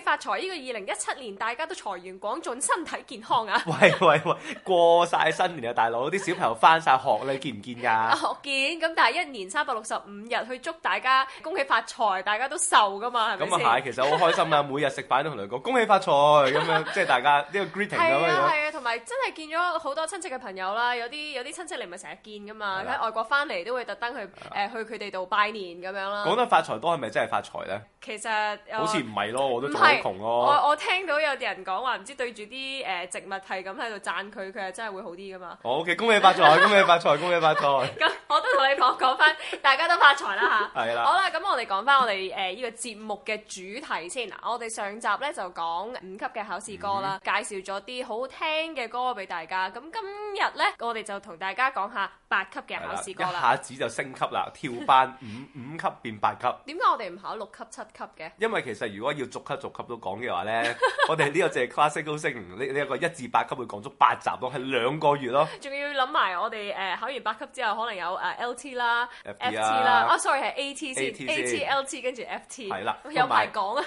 發財呢、呢個二零一七年，大家都財源廣進，身體健康啊！ 喂喂喂，過晒新年啊，大佬，啲小朋友翻晒學你見唔見噶、啊？我見，咁但係一年三百六十五日，去祝大家恭喜發財，大家都瘦噶嘛，咪咁啊係，其實好開心啊， 每日食飯都同佢講恭喜發財，咁樣即係大家呢個 greeting 啦。係啊係啊，同埋樣、啊啊、真係見咗好多親戚嘅朋友啦，有啲有啲親戚嚟咪成日見噶嘛，喺的外國翻嚟都會特登去誒的去佢哋度拜年咁樣啦。講得發財多係咪真係發財咧？其實好似唔係咯，我都好窮咯。我我聽到有啲人講話，唔知對住啲、呃、植物係咁喺度讚佢，佢係真係會好啲㗎嘛。好嘅，恭喜發財，恭喜發財， 恭喜發財。咁 我都同你講返，翻，大家都發財啦吓。係啦對了。好啦，咁我哋講返我哋呢個節目嘅主題先。我哋上集咧就講五級嘅考試歌啦，嗯嗯介紹咗啲好聽嘅歌俾大家。咁今日咧，我哋就同大家講下。八級嘅考試歌啦，一下子就升級啦，跳返五五級變八級。點解我哋唔考六級七級嘅？因為其實如果要逐級逐級都講嘅話咧，我哋呢個就係 classical singing 呢呢一個一至八級會講足八集咯，係兩個月咯。仲要諗埋我哋考完八級之後，可能有 lt 啦，ft 啦，啊 sorry 係 atc atlt 跟住 ft，係啦，有排講啊。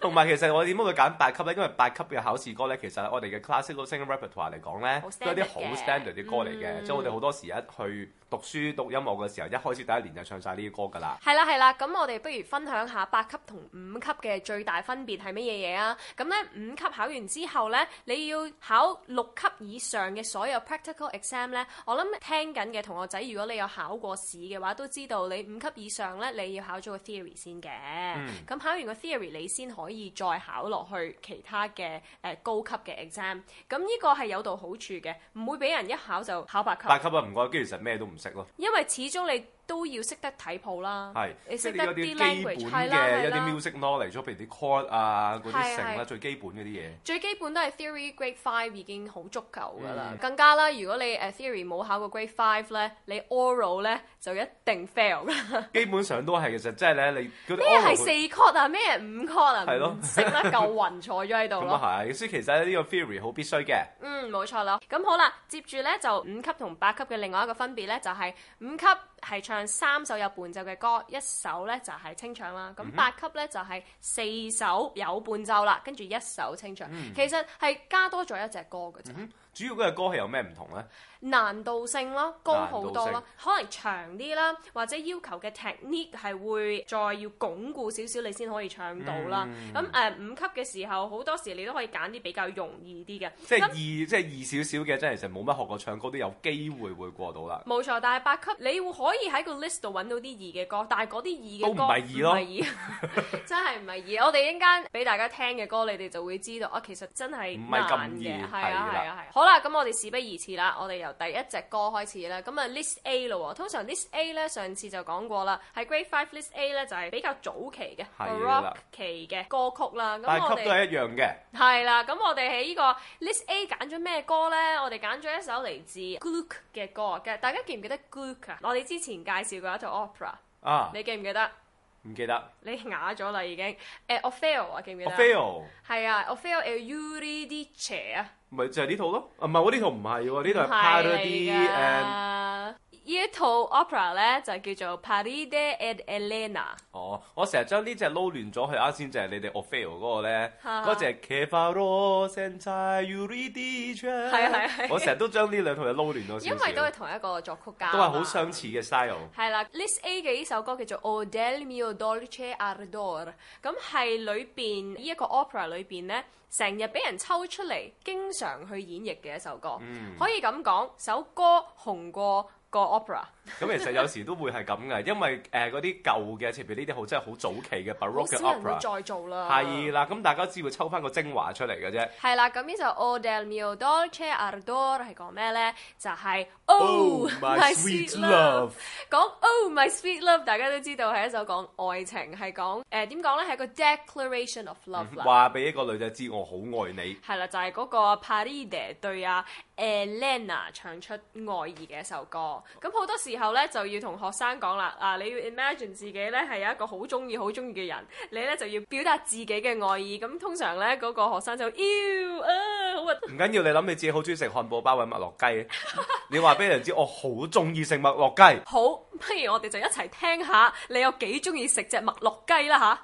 同埋其實我點解會揀八級咧？因為八級嘅考試歌咧，其實我哋嘅 classical singing repertoire 嚟講咧，都係啲好 standard 啲歌嚟嘅，即係我哋好多。嗰時一去讀書讀音樂嘅時候，一開始第一年就唱晒呢啲歌噶啦。係啦係啦，咁我哋不如分享下八級同五級嘅最大分別係乜嘢嘢啊？咁咧五級考完之後咧，你要考六級以上嘅所有 practical exam 咧。我諗聽緊嘅同學仔，如果你有考過試嘅話，都知道你五級以上咧，你要考咗個 theory 先嘅。咁、嗯、考完個 theory，你先可以再考落去其他嘅、呃、高級嘅 exam。咁呢個係有度好處嘅，唔會俾人一考就考八級。八級唔怪，基其實咩都唔識咯。因為始終你，都要識得睇譜啦，係識啲一啲基本嘅一啲 music knowledge，即係譬如啲 chord 啊嗰啲成啦，最基本嗰啲嘢。最基本都係 theory grade five 已經好足夠噶啦，更加啦，如果你誒 theory 冇考過 grade five 咧，你 oral 咧就一定 fail 㗎。基本上都係其實即係咧，你咩係四 chord 啊，咩五 chord 啊，唔識咧，夠暈坐咗喺度咯。咁啊係，所以其實咧呢個 theory 好必須嘅。嗯，冇錯啦。咁好啦，接住咧就五級同八級嘅另外一個分別咧，就係五級。係唱三首有伴奏嘅歌，一首呢就係清唱啦。咁八級呢就係四首有伴奏啦，跟住一首清唱。嗯、其實係加多咗一隻歌㗎啫。嗯主要嗰個歌係有咩唔同咧？難度性咯，高好多咯，可能長啲啦，或者要求嘅 technique 係會再要鞏固少少，你先可以唱到啦。咁誒五級嘅時候，好多時你都可以揀啲比較容易啲嘅。即係易，但即係易少少嘅，真係其實冇乜學過唱歌都有機會會過到啦。冇錯，但係八級你會可以喺個 list 度揾到啲易嘅歌，但係嗰啲易嘅歌唔係易咯，唔係 真係唔係易。我哋一陣間俾大家聽嘅歌，你哋就會知道啊，其實真係唔係咁易，係啊係啊係。的的好啦，咁我哋事不宜遲啦，我哋由第一隻歌開始啦。咁啊，List A 咯，通常 List A 咧，上次就講過啦，係 Grade Five List A 咧，就係、是、比較早期嘅的 Rock 期嘅歌曲啦。咁我哋都係一樣嘅，係啦。咁我哋喺呢個 List A 揀咗咩歌咧？我哋揀咗一首嚟自 Gluck 嘅歌嘅。大家記唔記得 Gluck 啊？我哋之前介紹過一套 Opera 啊，你記唔記得？唔記,、uh, 記,記得，你啞咗啦已經。誒，我 fail 啊，記唔記得？fail 係啊，我 fail a U D chair 啊。咪就係、是、呢套咯，唔係我呢套唔係喎，呢套係 parody。呢一套 opera 咧就叫做《Paride ed Elena》。哦，我成日將呢隻撈亂咗，去、那個，啱先就係你哋《Ophélie》嗰個呢，嗰隻 Che farò senza Euridice》。係啊係係，我成日都將呢兩套嘢撈亂咗少少，因為都係同一個作曲家。都係好相似嘅 style。係啦、嗯，《List A》嘅呢首歌叫做《O del mio dolce ardor》，咁係裏面。呢、這、一個 opera 裏面咧，成日俾人抽出嚟，經常去演繹嘅一首歌，嗯、可以咁講，首歌紅過。個 opera，咁其實有時都會係咁嘅。因為誒嗰啲舊嘅，前邊呢啲好真係好早期嘅 Baroque opera 唔會再做啦，係啦，咁大家只會抽翻個精華出嚟嘅啫。係啦，咁呢首《O del mio dolce ardor》係講咩咧？就係 Oh my sweet love，講 Oh my sweet love，大家都知道係一首講愛情，係講誒點講咧？係一個 declaration of love，話俾一個女仔知我好愛你。係啦，就係嗰個 Paride 對啊誒 Lena 唱出愛意嘅一首歌，咁好多時候咧就要同學生講啦，啊你要 imagine 自己咧係有一個好中意、好中意嘅人，你咧就要表達自己嘅愛意。咁通常咧嗰個學生就，唔緊要，你諗你自己好中意食漢堡包或麥樂雞，你話俾人知我好中意食麥樂雞。好，不如我哋就一齊聽下你有幾中意食隻麥樂雞啦嚇。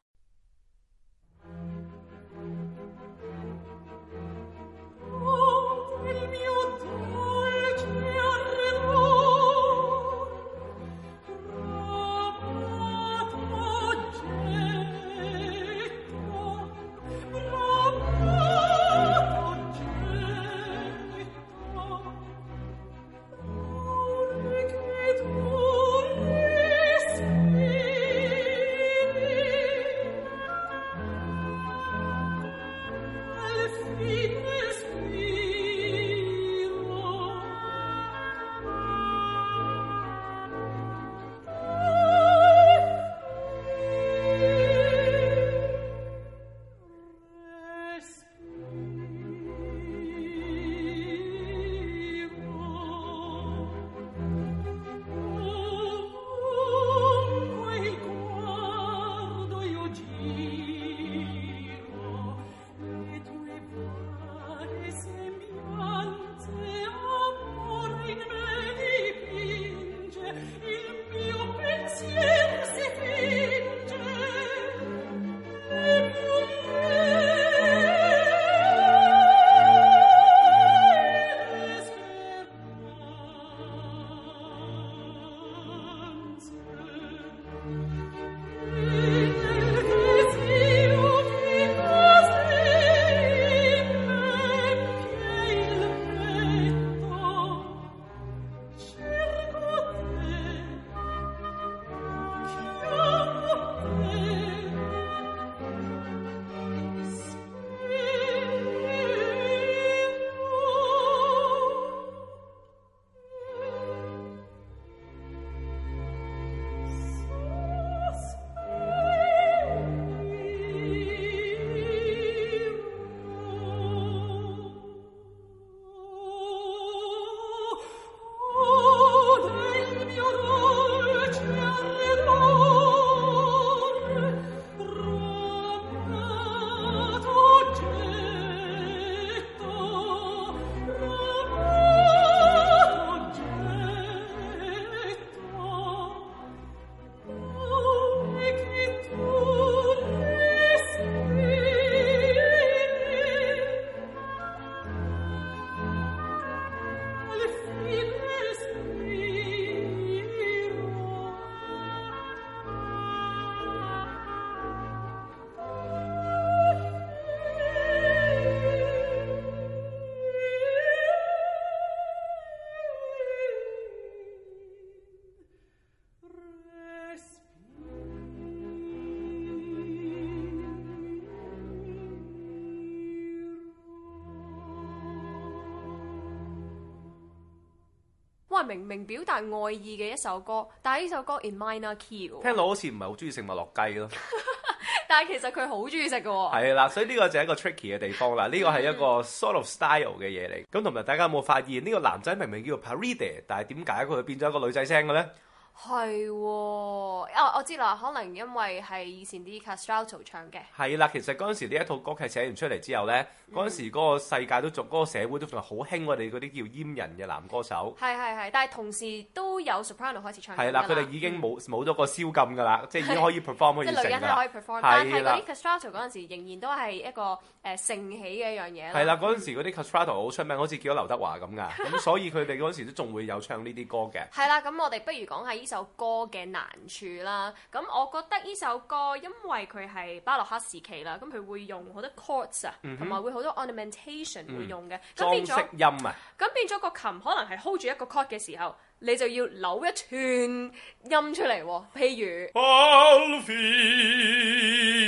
明明表達愛意嘅一首歌，但係呢首歌 in minor key 喎。聽到好似唔係好中意食麥樂雞咯， 但係其實佢好中意食嘅喎。係啦，所以呢個就係一個 tricky 嘅地方啦。呢個係一個 sort of style 嘅嘢嚟。咁同埋大家有冇發現，呢個男仔明明叫做 Parida，但係點解佢會變咗一個女仔聲嘅咧？係喎、哦，我知啦，可能因為係以前啲 castrato 唱嘅。係啦，其實嗰陣時呢一套歌劇寫完出嚟之後咧，嗰陣、嗯、時嗰個世界都仲，嗰、嗰個社會都仲好興我哋嗰啲叫閹人嘅男歌手。係係係，但係同時都有 Soprano 開始唱的。係啦，佢哋已經冇冇咗個宵禁㗎啦，即係已經可以 perform 即女人都可以 perform。係啦。但係啲 castrato 嗰陣時仍然都係一個誒盛起嘅一樣嘢。係啦的，嗰陣時嗰啲 castrato 好出名，好似叫咗劉德華咁㗎，咁 所以佢哋嗰陣時都仲會有唱呢啲歌嘅。係啦，咁我哋不如講下。呢首歌嘅難處啦，咁我覺得呢首歌因為佢係巴洛克時期啦，咁佢會用好多 chords 啊、嗯哼，同埋會好多 ornamentation 會用嘅，咁、嗯、變咗音啊，咁變咗個琴可能係 hold 住一個 chord 嘅時候，你就要扭一串音出嚟喎，譬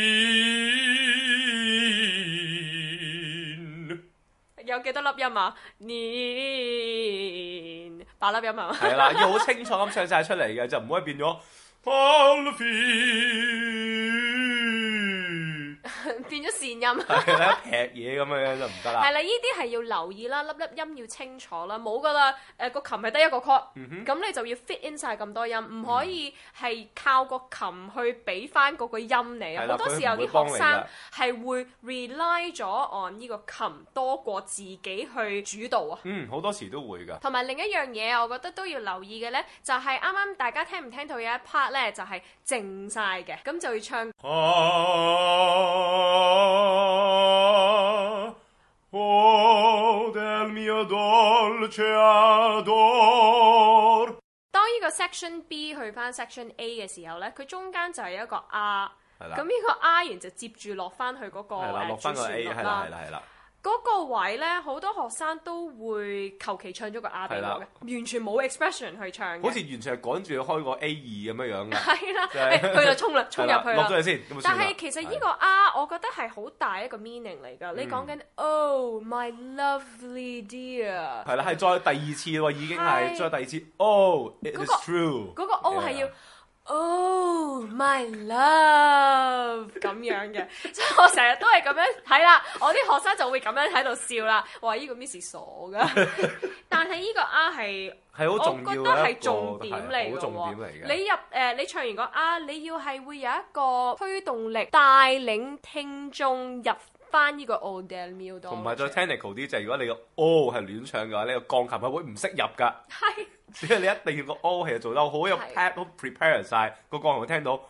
如。幾多粒音啊？年。 八粒音啊！係 啦，要好清楚咁唱晒出嚟嘅， 就唔可以變咗。 變咗善音，係啦，劈嘢咁樣樣就唔得啦。係啦，依啲係要留意啦，粒粒音要清楚啦，冇噶啦。誒，個琴係得一個 key，咁你就要 fit in 曬咁多音，唔可以係靠個琴去俾翻嗰個音嚟。好多時候啲學生係會 rely 咗 on 依個琴多過自己去主導啊。嗯，好多時都會㗎。同埋另一樣嘢，我覺得都要留意嘅咧，就係啱啱大家聽唔聽到有一 part 咧，就係靜曬嘅，咁就要唱。當呢個 Section B 去翻 Section A 嘅時候咧，佢中間就有一個 R，係啦，咁呢個 R 完就接住落翻去嗰個。係啦，落翻個 A。係啦，係啦，係啦。嗰個位咧，好多學生都會求其唱咗個 R 畀我嘅，完全冇 expression 去唱，好似完全係趕住去開個 A 二咁樣樣。係啦，去就衝啦，衝入去咗去先，但係其實呢個 R，我覺得係好大一個 meaning 嚟㗎。你講緊 Oh my lovely dear，係啦，係再第二次喎，已經係再第二次。Oh，it is true。嗰個 Oh 係要。Oh my love 咁樣嘅， 所以我成日都係咁樣，睇啦，我啲學生就會咁樣喺度笑啦，話依個 miss 傻噶。 但係呢個 R 係係好重要，我覺得係重點嚟好重點嚟嘅，你入、呃、你唱完個 R，你要係會有一個推動力，帶領聽眾入翻呢個 old melody 度，同埋再 technical 啲，就係如果你個 O 係亂唱嘅話，呢、呢個鋼琴係會唔識入噶。係。 即係 你一定要個 all 係做得好有 pat prepare 曬個鋼琴聽到，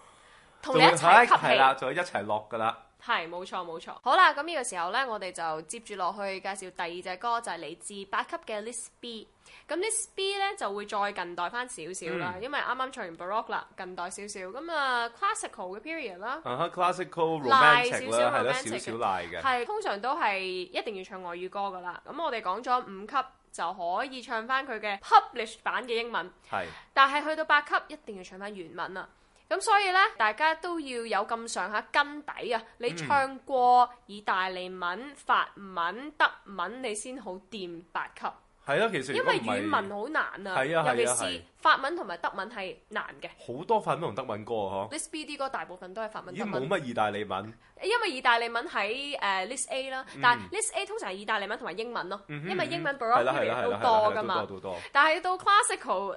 同你一齊就係啦，就的一齊落噶啦。係冇錯冇錯。好啦，咁呢個時候咧，我哋就接住落去介紹第二隻歌，就係嚟自八級嘅 List B。咁 List B 咧就會再近代返少少啦，嗯、因為啱啱唱完 Baroque 啦，近代少少咁啊，Classical 嘅 period 啦，Classical、uh、huh，Classical romantic 啦，少少賴嘅，係通常都係一定要唱外語歌噶啦。咁我哋講咗五級。就可以唱翻佢嘅 published 版嘅英文，是但係去到八級一定要唱翻原文啊。咁所以呢，大家都要有咁上下根底啊！你唱過意大利文、法文、德文，你先好掂八級。係咯，其實因為語文好難啊，尤其是法文同埋德文係難嘅。好多法文同德文歌啊，嗬。List B 嘅歌大部分都係法文德文。冇乜意大利文。因為意大利文喺誒 List A 啦，但係 List A 通常係意大利文同埋英文咯，因為英文 Broadway 都多㗎嘛。但係到 Classical 誒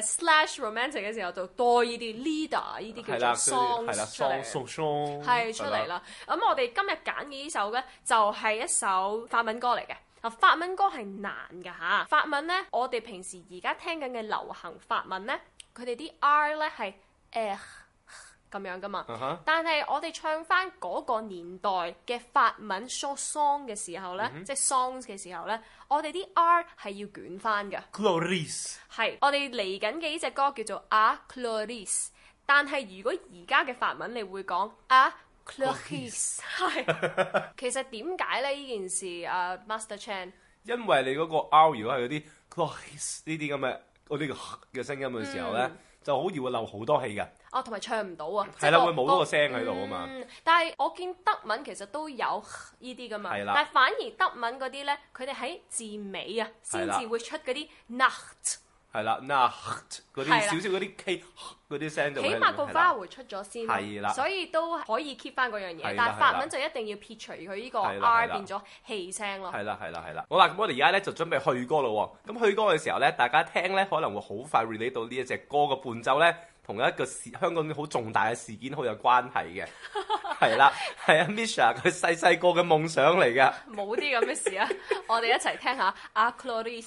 Slash Romantic 嘅時候就多呢啲 Leader 呢啲叫做 Songs Songs Songs 出嚟啦。咁我哋今日揀嘅呢首咧就係一首法文歌嚟嘅。法文歌係難噶嚇，法文呢，我哋平時而家聽緊嘅流行法文呢，佢哋啲 R 呢係誒咁樣噶嘛，uh huh. 但係我哋唱翻嗰個年代嘅法文 song 嘅時候呢，uh huh. 即係 songs 嘅時候呢，我哋啲 R 係要捲翻嘅。Chloris 係 Chloris.，我哋嚟緊嘅呢隻歌叫做啊 Chloris 但係如果而家嘅法文你會講啊？Is, 其實點解咧？呢件事啊、uh，Master Chan，因為你嗰個 R 如果係嗰啲 close 呢啲咁嘅啲嘅聲音嘅時候咧，嗯、就好易會漏好多氣㗎。哦，同埋唱唔到啊，係啦，會冇嗰個聲喺度啊嘛。嗯，嗯，但係我見德文其實都有呢啲噶嘛。係啦的，但係反而德文嗰啲咧，佢哋喺字尾啊，先至會出嗰啲係啦，嗱，嗰啲少少嗰啲 K 嗰啲聲就起碼個花會出咗先，係啦，所以都可以 keep 翻嗰樣嘢。但係發文就一定要撇除佢呢個 R 變咗氣聲咯。係啦，係啦，係啦。好啦，咁我哋而家咧就準備去歌咯。咁去歌嘅時候咧，大家聽咧可能會好快 relate 到呢一隻歌嘅伴奏咧，同一個香港好重大嘅事件好有關係嘅。係啦，係啊，Misha，佢細細個嘅夢想嚟噶。冇啲咁嘅事啊！我哋一齊聽下啊，Claudia。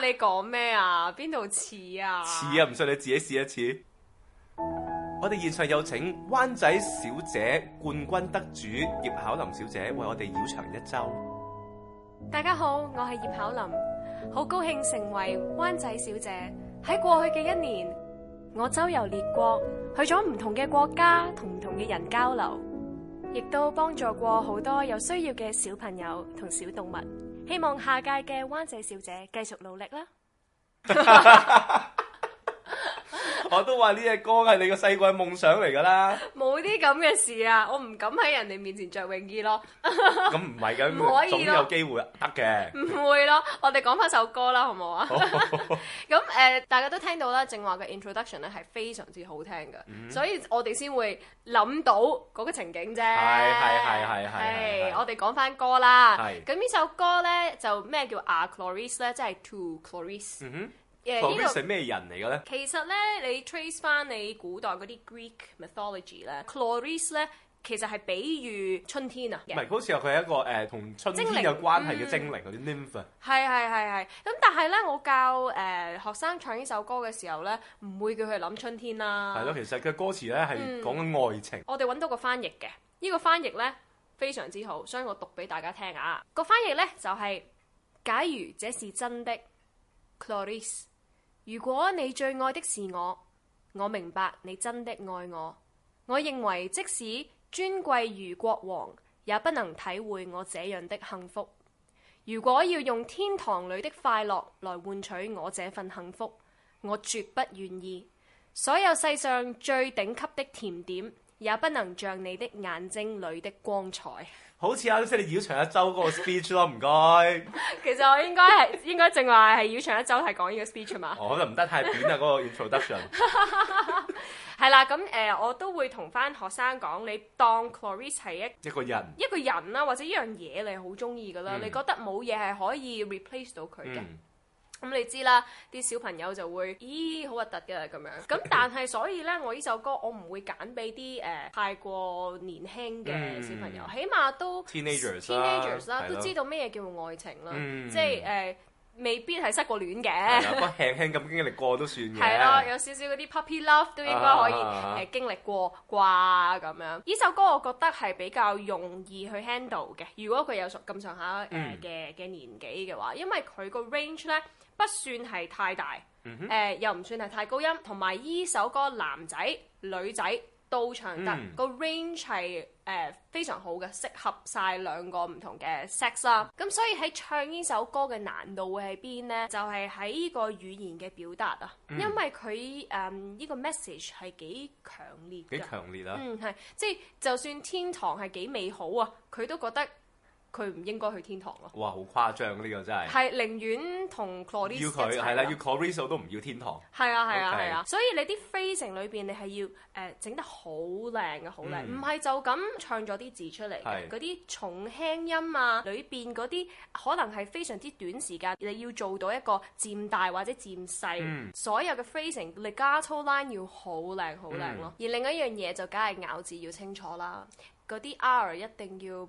你講咩啊？邊度似啊？似啊！唔信你自己試一次。我哋現場有請灣仔小姐冠軍得主葉巧琳小姐為我哋繞場一周。大家好，我係葉巧琳，好高興成為灣仔小姐。喺過去嘅一年，我周遊列國，去咗唔同嘅國家，同唔同嘅人交流，亦都幫助過好多有需要嘅小朋友同小動物。希望下屆嘅灣仔小姐繼續努力啦。 我都話呢隻歌係你個細個夢想嚟噶啦，冇啲咁嘅事啊！我唔敢喺人哋面前着泳衣咯。咁唔係咁，唔可以咯。有機會得嘅，唔會咯。我哋講翻首歌啦，好唔好啊？咁誒，大家都聽到啦，正話嘅 introduction 咧係非常之好聽嘅，所以我哋先會諗到嗰個情景啫。係係係係係。誒，我哋講翻歌啦。係。咁呢首歌咧就咩叫《A Chloris》咧，即係《To Chloris》。嗯哼。Chloris 係咩人嚟嘅咧？其實咧，你 trace 翻你古代嗰啲 Greek mythology 咧 Chloris 咧其實係比喻春天啊。唔係，好似話佢係一個誒同、呃、春天有關係嘅精靈嗰啲 nymph。係係係係。咁、嗯、但係咧，我教誒、呃、學生唱呢首歌嘅時候咧，唔會叫佢諗春天啦。係咯，其實佢嘅歌詞咧係講緊愛情。我哋揾到個翻譯嘅，呢、這個翻譯咧非常之好，所以我讀俾大家聽啊。這個翻譯咧就係、是、假如這是真的 Chloris 如果你最愛的是我，我明白你真的愛我。我認為即使尊貴如國王，也不能體會我這樣的幸福。如果要用天堂裏的快樂來換取我這份幸福，我絕不願意。所有世上最頂級的甜點，也不能像你的眼睛裏的光彩。好似啱先你繞長一周嗰個 speech 咯，唔該。其實我應該係應該淨話係繞長一周，係講呢個 speech 嘛？哦，就唔得太短啊，嗰 個 production。係啦，咁誒，我都會同翻學生講，你當 Clarice 係一一個人一個人啦，或者一樣嘢你好中意噶啦，你覺得冇嘢係可以 replace 到佢嘅。咁你知啦，啲小朋友就會，咦，好核突㗎咁樣。咁但係所以咧，我呢首歌我唔會揀俾啲誒太過年輕嘅小朋友，嗯、起碼都 teenagers，teenagers 啦，都知道咩嘢叫做愛情啦，對了 即係、呃、未必係失過戀嘅，輕輕咁經歷過都算嘅。係咯，有少少嗰啲 puppy love 都應該可以誒、啊啊啊啊呃、經歷過啩咁樣。呢首歌我覺得係比較容易去 handle 嘅，如果佢有咁上下誒嘅嘅年紀嘅話，因為佢個 range 咧。不算係太大，誒、嗯哼呃、又唔算係太高音，同埋依首歌男仔女仔到場得、嗯、個 range 係誒、呃、非常好嘅，適合晒兩個唔同嘅 sex 啦、啊。咁所以喺唱呢首歌嘅難度會喺邊呢？就係喺呢個語言嘅表達啊，嗯、因為佢誒依個 message 係幾強烈的，幾強烈啊！嗯，係即係就算天堂係幾美好啊，佢都覺得。佢唔應該去天堂咯！哇，好誇張，呢、這個真係係寧願同 chorus 要佢係啦，要 chorus 都唔要天堂。係啊，係啊，係 Okay. 啊。所以你啲 phrasing 裏邊，你係要誒整得好靚啊，好靚。唔係、嗯、就咁唱咗啲字出嚟，嗰啲是重輕音啊，裏邊嗰啲可能係非常之短時間，你要做到一個漸大或者漸細。嗯、所有嘅 phrasing 你 legato line 要好靚好靚咯。嗯、而另一樣嘢就梗係咬字要清楚啦，嗰啲 R 一定要。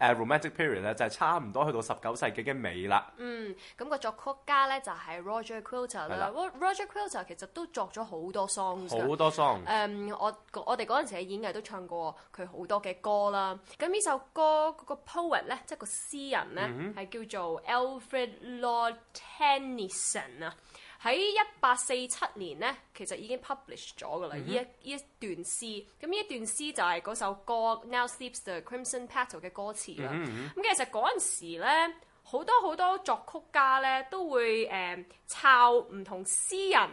Uh, romantic period 咧就係差唔多去到十九世紀嘅尾啦。嗯，咁、個作曲家咧就係、是、Qu 了 Roger Quilter 啦。Roger Quilter 其實都作咗好多 song。好多 song、um, 我。我我哋嗰陣時喺演藝都唱過佢好多嘅歌啦。咁呢首歌、個 poet 咧，即、就、係、是、個詩人咧，係、嗯、哼叫做 Alfred Lord Tennyson 啊。喺一八四七年咧，其實已經 publish 咗㗎啦，呢、mm hmm. 一呢一段詩，咁呢一段詩就係嗰首歌 Now Sleeps the Crimson Petal 嘅歌詞啦。咁、mm hmm. 其實嗰陣時咧，好多好多作曲家咧都會誒抄唔同詩人。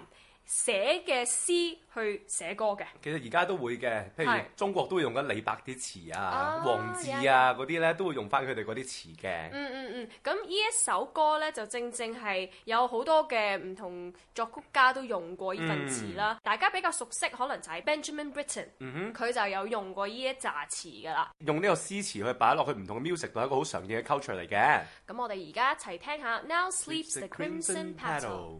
寫嘅詩去寫歌嘅，其實而家都會嘅，譬如中國都會用緊李白啲詞啊、啊王字啊嗰啲咧，都會用翻佢哋嗰啲詞嘅、嗯。嗯嗯嗯，咁、嗯、呢一首歌咧就正正係有好多嘅唔同作曲家都用過呢份詞啦。嗯、大家比較熟悉可能就係 Benjamin Britten，佢、嗯、哼就有用過呢一紮詞噶啦。用呢個詩詞去擺落去唔同嘅 music 度係一個好常見嘅 culture 嚟嘅。咁我哋而家一齊聽一下 Now sleeps the crimson petal。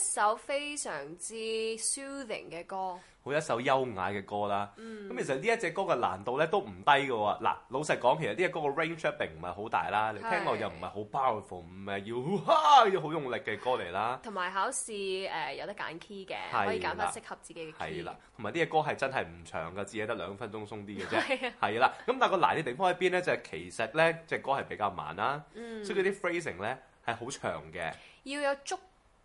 一首非常之 soothing 嘅歌，好一首優雅嘅歌啦。咁其實呢一隻歌嘅難度咧都唔低嘅。嗱，老實講，其實呢隻歌嘅 range 亦唔係好大啦，你聽落又唔係好 powerful，唔係要哇要好用力嘅歌嚟啦。同埋考試誒有得揀 key 嘅，可以揀翻適合自己嘅 key 啦。同埋呢隻歌係真係唔長噶，只係得兩分鐘鬆啲嘅啫。係啦，咁但係個難嘅地方喺邊咧，就係其實咧隻歌係比較慢啦，嗯、所以啲 phrasing 咧係好長嘅，要有足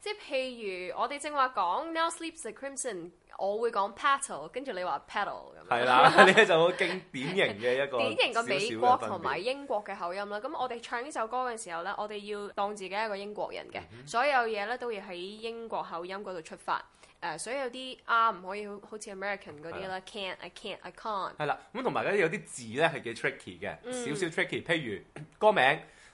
即係譬如我哋正話講《Now Sleeps the Crimson》，我會講《Petal》，跟住你話《Petal》咁樣。係啦的，呢就好經典型嘅一個。典型嘅美國同埋英國嘅口音啦。咁我哋唱呢首歌嘅時候咧，我哋要當自己係一個英國人嘅，mm hmm. 所有嘢咧都要喺英國口音嗰度出發。誒，所以有啲啊唔可以好似 American 嗰啲啦，Can't I can't I can't。係啦，咁同埋咧有啲字咧係幾 tricky 嘅，hmm. 少少 tricky。譬如歌名。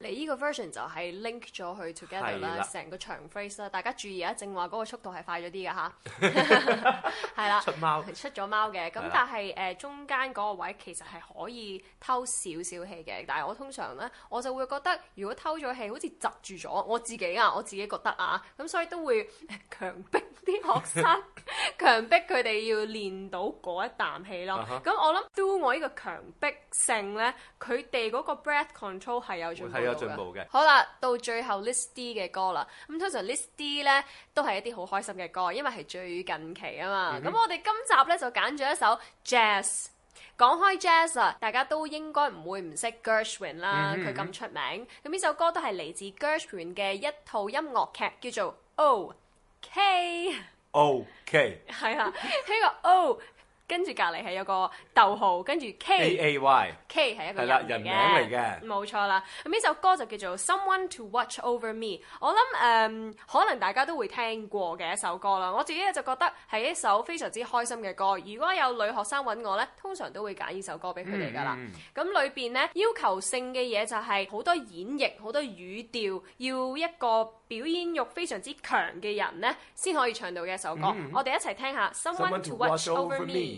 你呢個 version 就係 link 咗佢 together 啦，成了個長 phrase 啦，大家注意啊，正話嗰個速度係快咗啲嘅吓，係啦 了，出貓係出咗貓嘅，咁了但係誒、呃、中間嗰個位其實係可以偷少少氣嘅，但係我通常咧，我就會覺得如果偷咗氣好似窒住咗，我自己啊，我自己覺得啊，咁所以都會強逼啲學生 強逼佢哋要練到嗰一啖氣咯，咁、uh huh、我諗 do 我呢個強迫性咧，佢哋嗰個 breath control 係有咗。有進步嘅，好啦，到最後 list D 嘅歌啦。咁通常 list D 呢都係一啲好開心嘅歌，因為係最近期啊嘛。咁、嗯、哼我哋今集呢就揀咗一首 jazz。講開 jazz 啊，大家都應該唔會唔識 Gershwin 啦，佢咁出名。咁呢首歌都係嚟自 Gershwin 嘅一套音樂劇，叫做 O.K.O.K.、OK、係啦，呢個 O。Oh, 跟住隔離係有個逗號，跟住 K，K 係一個人，人名嚟嘅，冇錯啦。咁呢首歌就叫做 Someone to Watch Over Me，我諗、嗯、可能大家都會聽過嘅一首歌啦。我自己就覺得係一首非常之開心嘅歌。如果有女學生揾我呢，通常都會揀呢首歌俾佢哋噶啦。咁裏、mm hmm. 面呢要求性嘅嘢就係好多演繹，好多語調，要一個表演欲非常之強嘅人呢先可以唱到嘅一首歌。Mm hmm. 我哋一齊聽下 Some Someone to Watch, to watch Over Me。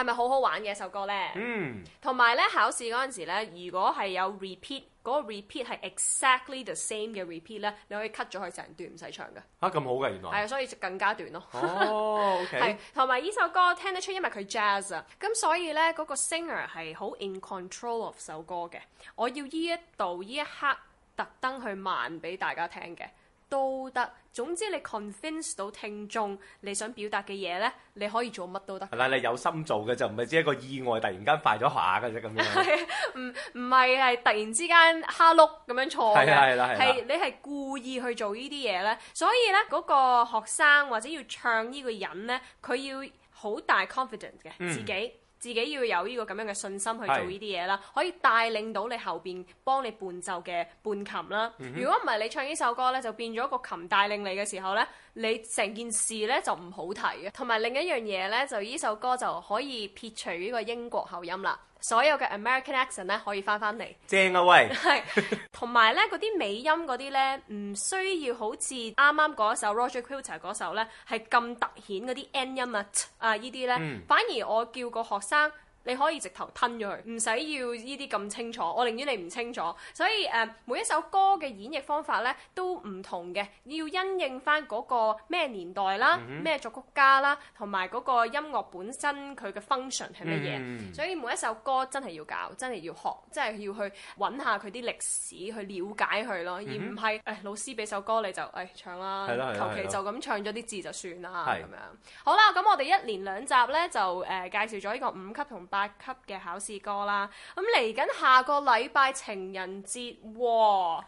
係咪好好玩嘅一首歌呢？嗯，同埋呢考試嗰陣時呢，如果係有 repeat 嗰個 repeat 係 exactly the same 嘅 repeat 呢，你可以 cut 咗佢成段唔使唱嘅吓，咁好嘅，原來係啊，所以就更加短咯。哦 ，OK，係同埋呢首歌聽得出，因為佢 jazz 啊，咁所以呢，嗰個 singer 係好 in control of 首歌嘅。我要呢一度呢一刻特登去慢俾大家聽嘅。都得，總之你 convince 到聽眾你想表達嘅嘢咧，你可以做乜都得。係喇，你有心做嘅就唔係只係一個意外，突然間快咗下嘅啫咁樣。唔唔係係突然之間哈碌咁樣錯嘅，係喇，係喇，係你係故意去做這些呢啲嘢咧。所以咧，嗰、那個學生或者要唱呢個人咧，佢要好大 confident 嘅、嗯、自己。自己要有呢個咁樣嘅信心去做呢啲嘢啦，是可以帶領到你後邊幫你伴奏嘅伴琴啦。如果唔係你唱呢首歌呢，就變咗個琴帶領你嘅時候呢，你成件事呢就唔好睇嘅。同埋另一樣嘢呢，就呢首歌就可以撇除呢個英國口音啦。所有嘅 American accent 咧，可以翻翻嚟，正啊喂是，係 同埋咧嗰啲美音嗰啲咧，唔需要好似啱啱嗰首 Roger Quilter 嗰首咧，係咁凸顯嗰啲 n 音啊，啊依啲咧，嗯、反而我叫個學生。你可以直頭吞咗佢，唔使要呢啲咁清楚，我寧願你唔清楚。所以誒，每一首歌嘅演繹方法咧都唔同嘅，你要因應翻嗰個咩年代啦，咩、嗯、作曲家啦，同埋嗰個音樂本身佢嘅 function 係乜嘢。嗯、所以每一首歌真係要搞，真係要學，即係要去揾下佢啲歷史去了解佢咯，而唔係誒老師俾首歌你就誒、哎、唱啦，求其就咁唱咗啲字就算啦咁樣。好啦，咁我哋一連兩集咧就誒、呃、介紹咗呢個五級同八級嘅考試歌啦，咁嚟緊下個禮拜情人節，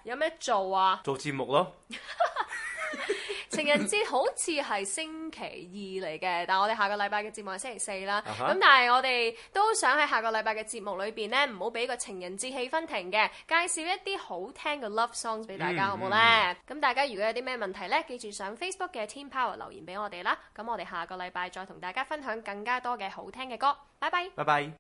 有咩做啊？做節目咯。 情人節好似係星期二嚟嘅，但我哋下個禮拜嘅節目係星期四啦。咁、uh huh. 但係我哋都想喺下個禮拜嘅節目裏面呢，唔好俾個情人節氣氛停嘅，介紹一啲好聽嘅 love songs 俾大家，mm hmm. 好唔好呢？咁大家如果有啲咩問題呢，記住上 Facebook 嘅 Team Power 留言俾我哋啦。咁我哋下個禮拜再同大家分享更加多嘅好聽嘅歌。拜拜。拜拜。Bye.